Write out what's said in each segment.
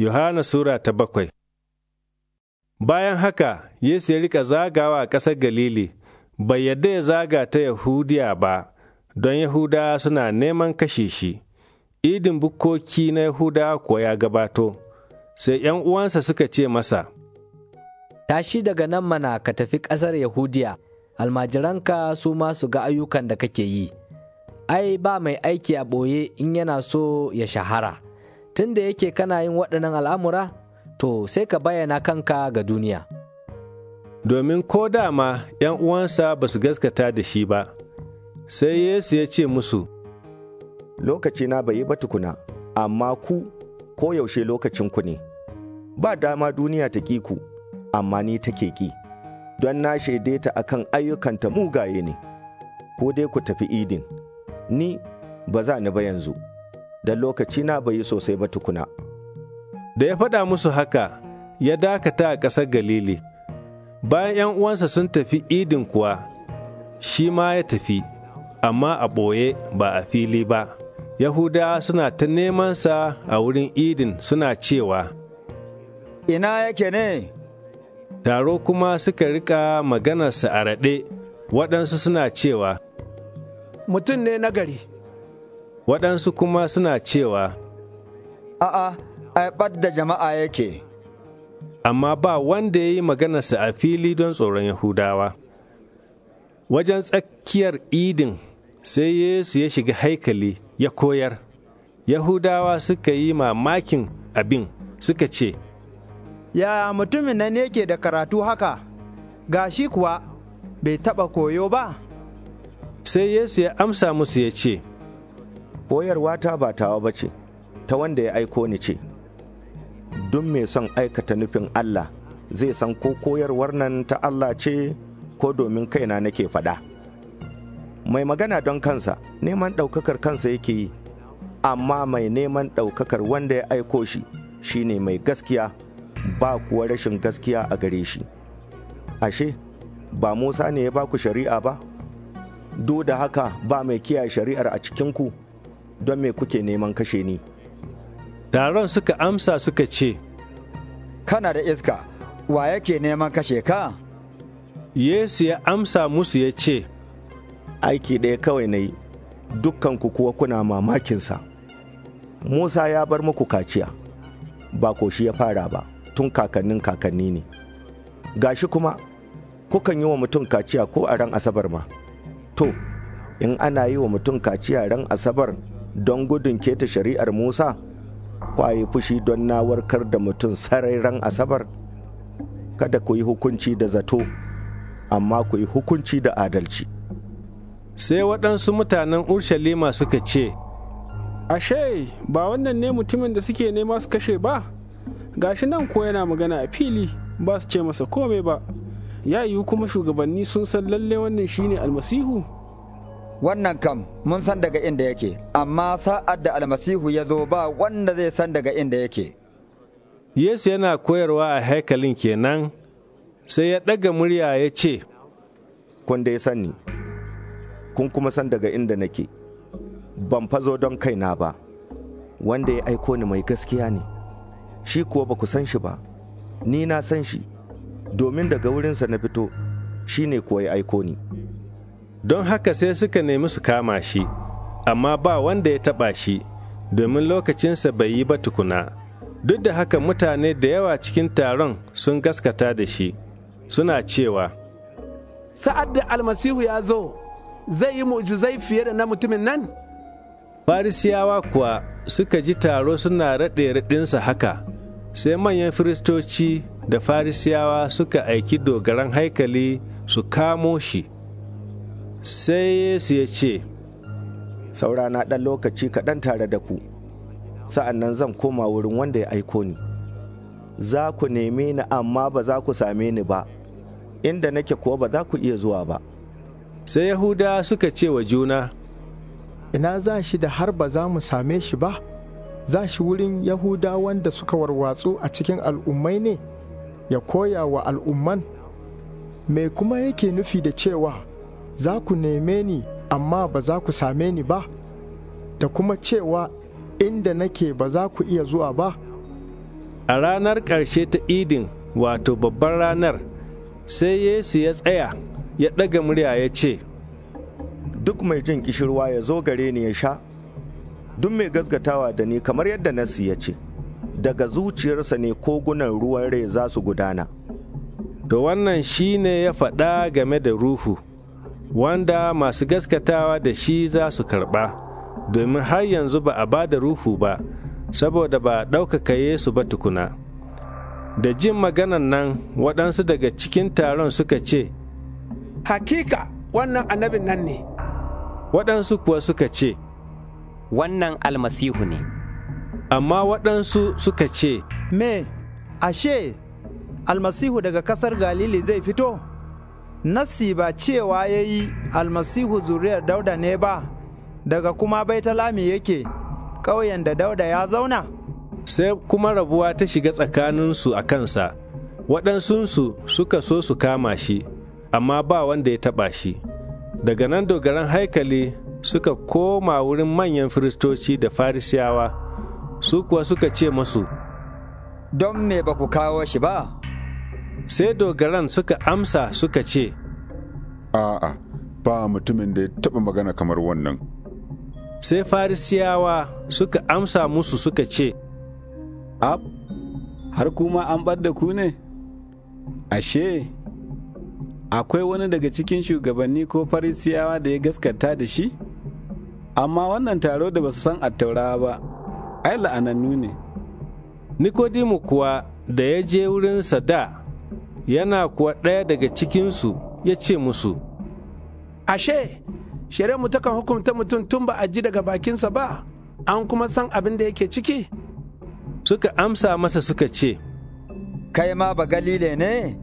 Yohana Sura ta bakwai Bayan haka, Yesu ya rika zagawa a ƙasar Galili, bai yadda ya zaga ta Yahudiya ba, don Yahudawa suna neman kashe shi. Idin bukkoki na Yahudawa kuwa ya gabato, sai ’yan uwansa suka ce masa, Tashi daga nan mana ka tafi ƙasar Yahudiya, almajiranka su ma su ga ayyukan da kake yi. Ai, ba mai aiki a ɓoye in yana so ya shahara. tun da yake kana yin waɗannan al'amura to sai ka bayyana kanka ga duniya domin ko dama ‘yan uwansa ba su gaskata da shi ba sai yesu ya ce musu lokaci na bai yi ba tukuna amma ku koyaushe lokacinku ne ba dama duniya ta ƙi ku amma ni take ƙi don na shaide ta akan ayyukanta mugaye ne ko dai ku tafi idin ni ba za ni ba yanzu da lokacina bai yi sosai ba tukuna. Da ya faɗa musu haka, ya dakata a ƙasar Galili, bayan ‘yan uwansa sun tafi idin kuwa, shi ma ya tafi, amma a ɓoye ba a fili ba. Yahuda suna ta nemansa a wurin idin suna cewa, Ina yake ne? Taro kuma suka rika maganarsa a raɗe, waɗansu suna cewa, Mutum ne nagari. waɗansu kuma suna cewa, A'a, aibar da jama'a yake. Amma ba wanda ya yi maganarsa a fili don tsoron Yahudawa. Wajen tsakiyar idin sai Yesu ya shiga haikali ya koyar. Yahudawa suka yi mamakin abin suka ce, ya mutumin nan yake da karatu haka, gashi kuwa bai taɓa koyo ba? Sai Yesu ya amsa musu ya ce, koyarwa ta ba tawa ba ce ta wanda ya aiko ni ce duk mai son aikata nufin Allah zai san ko koyarwar nan ta Allah ce ko domin kaina nake faɗa mai magana don kansa neman ɗaukakar kansa yake yi amma mai neman ɗaukakar wanda ya aiko shi shine mai gaskiya ba kuwa rashin gaskiya a gare shi ashe ba musa ne ya baku shari'a ba duk da haka ba mai kiyaye shari'ar a cikinku don me kuke neman kashe ni taron suka amsa suka ce kana da iska wa yake neman kashe ka yesu ya amsa musu ya ce aiki ɗaya kawai na yi dukkanku kuwa kuna mamakinsa musa ya bar muku kaciya ba ko shi ya fara ba tun kakannin kakanni ne gashi kuma kukan yi wa mutum kaciya ko a ran asabar ma to in ana yi wa mutum kaciya ran asabar don gudun keta shari'ar musa kwaye fushi don na warkar da mutum sarairan asabar kada ku yi hukunci da zato amma ku yi hukunci da adalci sai waɗansu mutanen urshalima suka ce ashe ba wannan ne mutumin da suke nema su kashe ba gashi nan ko yana magana a fili ba su ce masa kome ba ya yiwu kuma shugabanni sun san lalle wannan shine almasihu wannan kam mun san daga inda yake amma sa'ad da almasihu ya zo ba wanda zai san daga inda yake yesu yana koyarwa a haikalin kenan sai ya ɗaga murya ya ce kun dai sani kun kuma san daga inda nake ban fazo don kaina ba wanda ya aiko ni mai gaskiya ne shi kuwa ba ku san shi ba ni na san shi domin daga wurinsa na fito shi ne kuwa ya aiko ni. don haka sai suka nemi su kama shi, amma ba wanda ya taɓa shi, domin lokacinsa bai yi ba tukuna. Duk da haka mutane da yawa cikin taron sun gaskata da shi, suna cewa, Sa'ad da almasihu ya zo, zai yi mu'jizai fiye da na mutumin nan? Farisiyawa kuwa suka ji taro suna raɗe raɗinsa haka, sai manyan firistoci da Farisiyawa suka aiki dogaran haikali su kamo shi. sai Yesu ya ce, Saurana ɗan lokaci kaɗan tare da ku, sa'an nan zan koma wurin wanda ya aiko ni. Za ku neme ni amma ba za ku same ni ba, inda nake kuwa ba za ku iya zuwa ba. Sai Yahuda suka ce wa juna, Ina za shi da har ba za mu same shi ba, za shi wurin Yahuda wanda suka warwatsu a cikin al'ummai ne, ya koya wa al'umman. Me kuma yake nufi da cewa za ku neme ni amma ba za ku same ni ba da kuma cewa inda nake ba za ku iya zuwa ba a ranar ƙarshe ta idin wato babbar ranar sai yesu ya tsaya ya ɗaga murya ya ce duk mai jin kishirwa ya zo gare ni ya sha duk mai gazgatawa da ni kamar yadda nasi ya ce daga zuciyarsa ne kogunan ruwan rai za su gudana to wannan shi ne ya faɗa game da ruhu wanda masu gaskatawa da shi za su karɓa, domin har yanzu ba a ba da ruhu ba, saboda ba a ɗaukaka Yesu ba tukuna. Da jin maganan nan waɗansu daga cikin taron suka ce, Hakika wannan annabin nan ne. Waɗansu kuwa suka ce, Wannan almasihu ne. Amma waɗansu suka ce, Me, ashe, almasihu daga ƙasar Galili zai fito? Nasi ba cewa ya yi almasihu zuriyar dauda ne ba, daga kuma baitalami yake ƙauyen da dauda ya zauna? Sai kuma rabuwa ta shiga tsakaninsu a kansa, waɗansunsu suka so su kama shi, amma ba wanda ya taɓa shi. Daga nan dogaran haikali suka koma wurin manyan firistoci da farisiyawa, su kuwa suka ce masu, Don me ba ku kawo shi ba? sai dogaran suka amsa suka ce a'a ba mutumin da ya taɓa magana kamar wannan sai farisiyawa suka amsa musu suka ce ab har kuma an ɓadda ku ne ashe akwai wani daga cikin shugabanni ko farisiyawa da ya gaskata da shi amma wannan taro da ba su san attaurawa ba ai la'anannu ne nikodimu kuwa da ya je wurin da yana kuwa ɗaya daga cikinsu ya ce musu, Ashe, mu takan hukunta mutum tun ba a ji daga bakinsa ba, an kuma san abin da yake ciki? Suka amsa masa suka ce, Kai ma ba galile ne,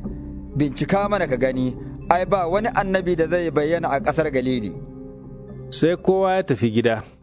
bincika mana ka gani, ai ba wani annabi da zai bayyana a ƙasar galili. Sai kowa ya tafi gida.